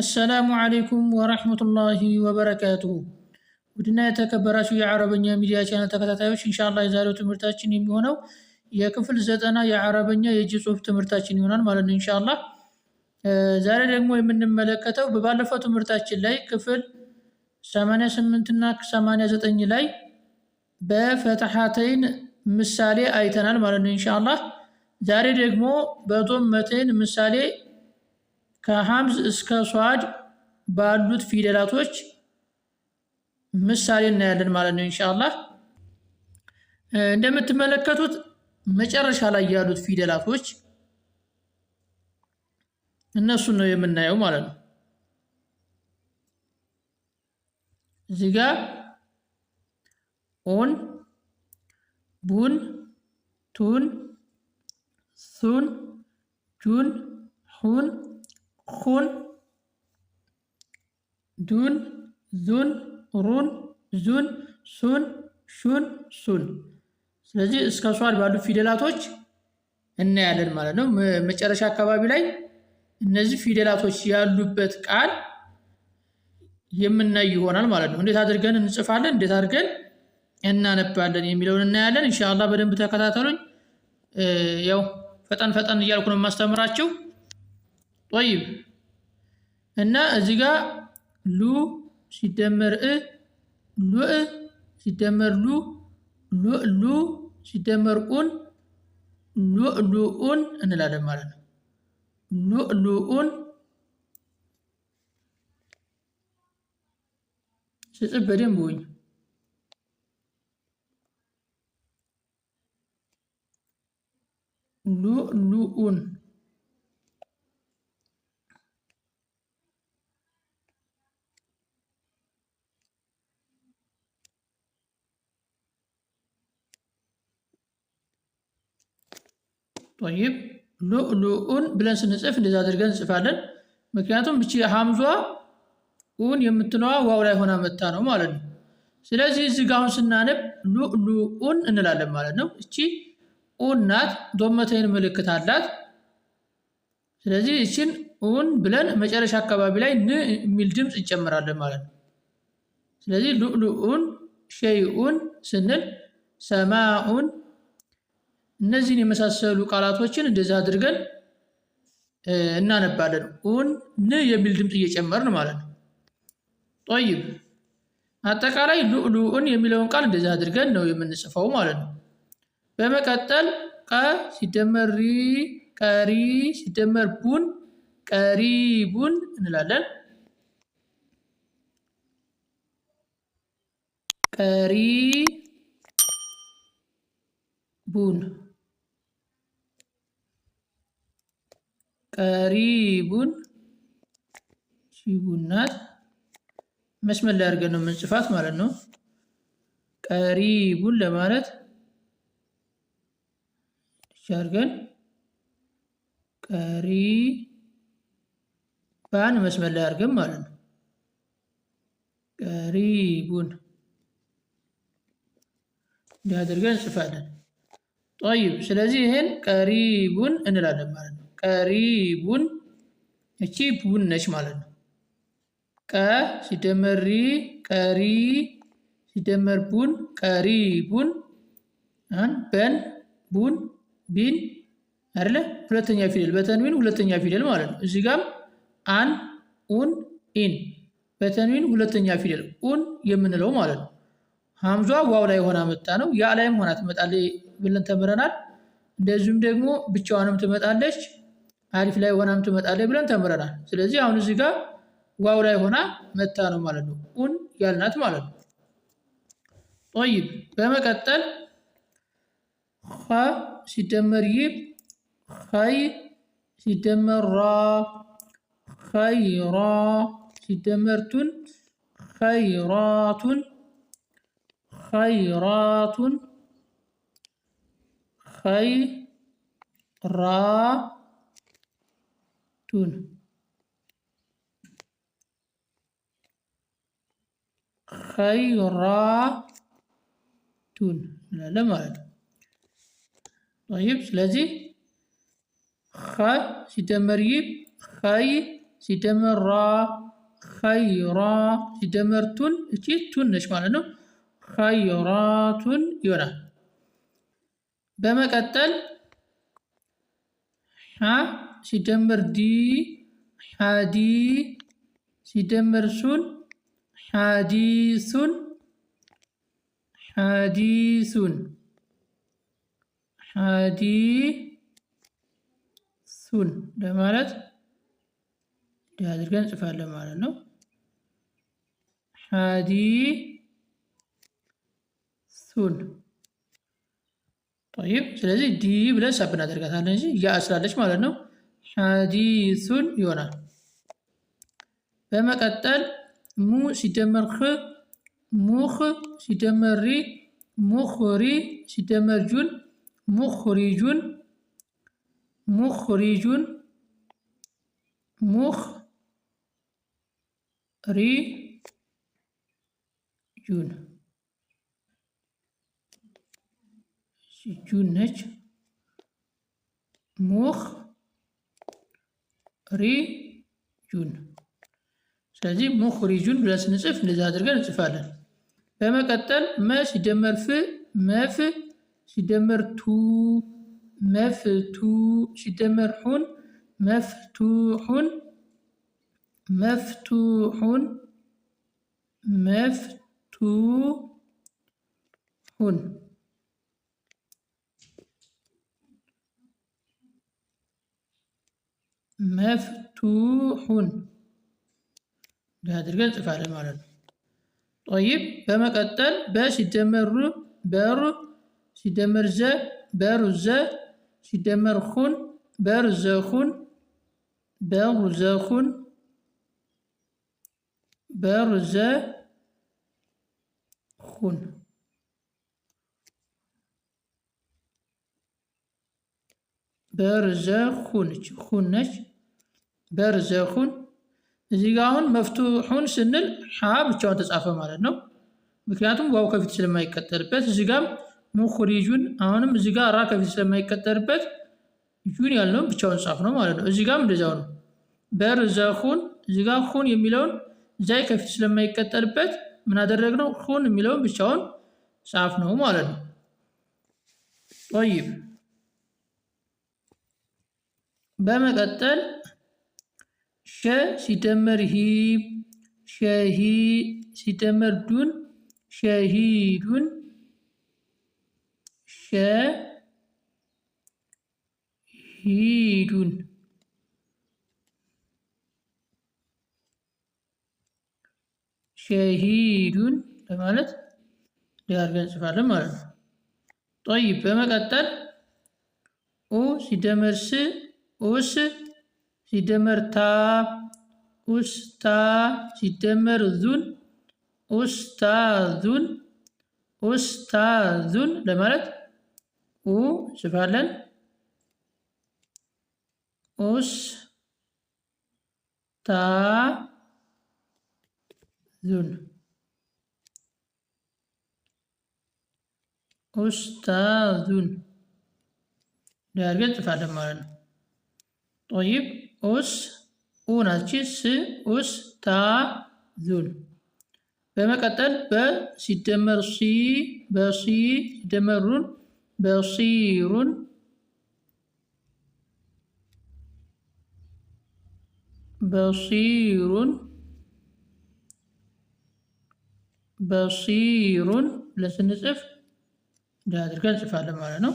አሰላሙ አለይኩም ወረህመቱላሂ ወበረካቱሁ። ውድና የተከበራችሁ የአረበኛ ሚዲያ ቻናል ተከታታዮች እንሻላ የዛሬው ትምህርታችን የሚሆነው የክፍል ዘጠና የአረበኛ የእጅ ጽሑፍ ትምህርታችን ይሆናል ማለት ነው እንሻላ። ዛሬ ደግሞ የምንመለከተው በባለፈው ትምህርታችን ላይ ክፍል 88 እና 89 ላይ በፈትሐተይን ምሳሌ አይተናል ማለት ነው እንሻላ። ዛሬ ደግሞ በዶመተይን ምሳሌ ከሐምዝ እስከ ሷድ ባሉት ፊደላቶች ምሳሌ እናያለን ማለት ነው ኢንሻአላህ። እንደምትመለከቱት መጨረሻ ላይ ያሉት ፊደላቶች እነሱን ነው የምናየው ማለት ነው። እዚህ ጋ ኦን፣ ቡን፣ ቱን፣ ሱን፣ ጁን፣ ሁን ሁን ዱን ዙን ሩን ዙን ሱን ሹን ሱን። ስለዚህ እስከ ሷል ባሉ ፊደላቶች እናያለን ማለት ነው። መጨረሻ አካባቢ ላይ እነዚህ ፊደላቶች ያሉበት ቃል የምናይ ይሆናል ማለት ነው። እንዴት አድርገን እንጽፋለን፣ እንዴት አድርገን እናነባለን የሚለውን እናያለን። እንሻላ በደንብ ተከታተሉኝ። ያው ፈጠን ፈጠን እያልኩ ነው የማስተምራችሁ። طيب هنا أزيقا لو سيدمر إ لو إ سيدمر لو لو لو سيدمر أون لو لو أون أنا لا أدمر لو لو أون سيسبرين بوين لو لو أون ጦይብ ሉኡን ብለን ስንጽፍ እንደዚ አድርገን እንጽፋለን። ምክንያቱም እቺ ሀምዟ ኡን የምትለዋ ዋው ላይ ሆና መታ ነው ማለት ነው። ስለዚህ እዚህ ጋ አሁን ስናነብ ሉኡን እንላለን ማለት ነው። እቺ ኡን ናት፣ ዶመተይን ምልክት አላት። ስለዚህ እችን ኡን ብለን መጨረሻ አካባቢ ላይ ን የሚል ድምፅ እንጨምራለን ማለት ነው። ስለዚህ ሉኡን ሸይኡን ስንል ሰማኡን እነዚህን የመሳሰሉ ቃላቶችን እንደዚህ አድርገን እናነባለን። ኡን ን የሚል ድምፅ እየጨመርን ማለት ነው። ጦይብ አጠቃላይ ሉዕሉዕን የሚለውን ቃል እንደዚህ አድርገን ነው የምንጽፈው ማለት ነው። በመቀጠል ቀ ሲደመር ሪ ቀሪ ሲደመር ቡን ቀሪቡን እንላለን። ቀሪ ቡን ቀሪቡን ሺቡናት መስመር ላይ አድርገን ነው የምንጽፋት ማለት ነው። ቀሪቡን ለማለት አድርገን ቀሪባን መስመር ላይ አድርገን ማለት ነው። ቀሪቡን እንዲህ አድርገን እንጽፋለን። ጠይብ፣ ስለዚህ ይህን ቀሪቡን እንላለን ማለት ነው። ቀሪቡን እቺ ቡን ነች ማለት ነው። ቀ ሲደመር ሪ ቀሪ ሲደመር ቡን ቀሪቡን አን በን ቡን ቢን አይደለ ሁለተኛ ፊደል በተንዊን ሁለተኛ ፊደል ማለት ነው። እዚህ ጋም አን ኡን ኢን በተንዊን ሁለተኛ ፊደል ኡን የምንለው ማለት ነው። ሀምዟ ዋው ላይ ሆና መጣ ነው። ያ ላይም ሆና ትመጣለች ብለን ተምረናል። እንደዚሁም ደግሞ ብቻዋንም ትመጣለች። አሊፍ ላይ ሆናም ትመጣለች ብለን ተምረናል። ስለዚህ አሁን እዚህ ጋር ዋው ላይ ሆና መታ ነው ማለት ነው፣ ኡን ያልናት ማለት ነው። ጦይብ በመቀጠል ኸ ሲደመር ይብ ኸይ ሲደመር ራ ኸይራ ሲደመር ቱን ኸይራቱን ኸይራቱን ኸይራ تون خيراتون لا لا مالت طيب سلازي خ ستمر يب خي ستمر را خيرا ستمر تون اتي تون ايش معناته خيرات يونا قتل ها ሲደመር ዲ ሓዲ ሲደመር ሱን ሓዲሱን ሓዲሱን ሱን ለማለት እንዲህ አድርገን እንጽፋለን ማለት ነው። ሱን ጠይብ። ስለዚህ ዲ ብለን ሳብ እናደርጋታለን እንጂ ያ ስላለች ማለት ነው። ሐዲሱን ይሆናል። በመቀጠል ሙ ሲደመር ክ ሙኽ ሲደመር ሪ ሙኽሪ ሲደመር ጁን ሙኽሪጁን ሙኽሪጁን ሙኽ ሪ ጁን ጁን ነች ሙኽ ሙኽሪጁን። ስለዚህ ሙኽሪጁን ብለን ስንጽፍ እንደዚህ አድርገን እንጽፋለን። በመቀጠል መ ሲደመር ፍ መፍ ሲደመር ቱ መፍቱ ሲደመር ሑን መፍቱሑን መፍቱሑን መፍቱሑን مفتوح بهذا الجنس فعل معلن طيب بما قتل باش يدمر بر سيدمر ز بر ز سيدمر خون بر ز خون بر ز خون بر ز خون. በርዘኹን ሁን ነች በርዘኹን። እዚህ ጋ አሁን መፍቱሑን ስንል ሓ ብቻውን ተጻፈ ማለት ነው። ምክንያቱም ዋው ከፊት ስለማይቀጠልበት፣ እዚህ ጋም ሙኽሪጁን፣ አሁንም እዚህ ጋ ራ ከፊት ስለማይቀጠልበት ጁን ያልነውን ብቻውን ጻፍ ነው ማለት ነው። እዚህ ጋም እንደዚያው ነው። በርዘኹን እዚህ ጋ ሁን የሚለውን ዛይ ከፊት ስለማይቀጠልበት ምን አደረግነው? ሁን የሚለውን ብቻውን ጻፍ ነው ማለት ነው። ጠይብ በመቀጠል ሸ ሲደመር ሂ ሸሂ ሲደመር ዱን ሸሂዱን ሸሂዱን ሸሂዱን ለማለት ሊያርገን እንጽፋለን ማለት ነው። ጦይ በመቀጠል ኡ ሲደመር ስ ኡስ ሲደመር ታ ኡስታ ሲደመር ዙን ኡስታዙን ኡስታዙን ለማለት ኡ እንጽፋለን። ኡስ ታ ኡስታዙን ዳርገን እንጽፋለን ማለት ነው። طيب أس أوناتشيس أس تا ذول كتل ب ستمر سي بسي سيدمرون بصيرون بصيرون بصيرون لسنصف ده ادركن صفه على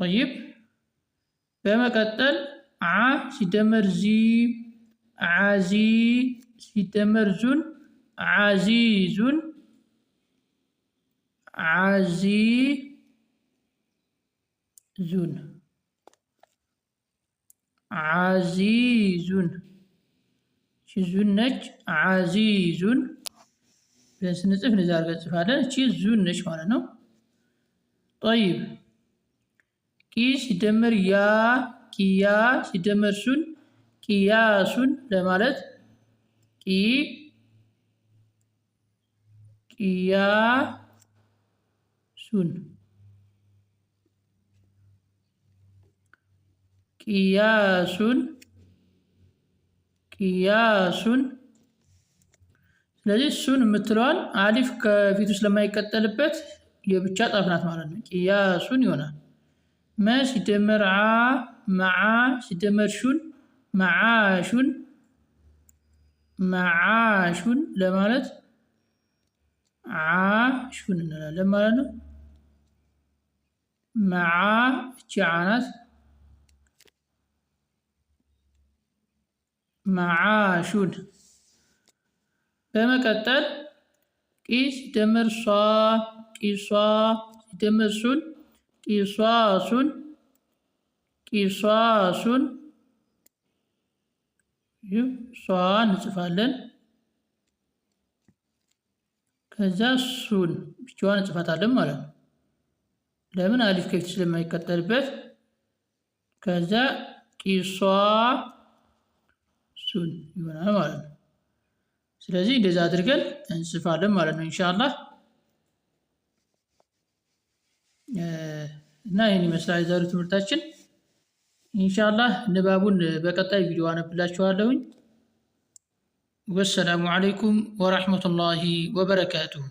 طيب كتل አ ሲደመር ዚ ዓዚ ሲደመር ዙን ዓዚዙን ዓዚ ዙን ዓዚዙን ዙን ነች። ዓዚዙን ስንጽፍ እንደዛ አድርገን እንጽፋለን። እቺ ዙን ነች ማለት ነው። ጠይብ ቂ ሲደመር ያ ቂያ ሲደመር ሱን ቂያሱን ለማለት ቂ ቂያሱን ቂያሱን ቂያሱን። ስለዚህ ሱን የምትለዋን አሊፍ ከፊቱ ስለማይቀጠልበት የብቻ ጣፍናት ማለት ነው። ቂያሱን ይሆናል። መ ሲደመር አ معاش معاش معاش معاشون معاشون لمالت عاشون لمالت مع جعنات معاشون በመቀጠል كيس دمر صا كيسا دمر ሱን كيسا ሱን ቂሷሱን ሷ እንጽፋለን። ከዛ ሱን ብቻዋን እንጽፋታለን ማለት ነው። ለምን አሊፍ ከፊት ስለማይቀጠልበት። ከዛ ቂሷ ሱን ይሆናል ማለት ነው። ስለዚህ እንደዛ አድርገን እንጽፋለን ማለት ነው ኢንሻአላህ። እና ይህን ይመስላል የዛሬው ትምህርታችን። ኢንሻአላህ ንባቡን በቀጣይ ቪዲዮ አነብላችኋለሁኝ። ወሰላሙ አለይኩም ወራህመቱላሂ ወበረካቱሁ።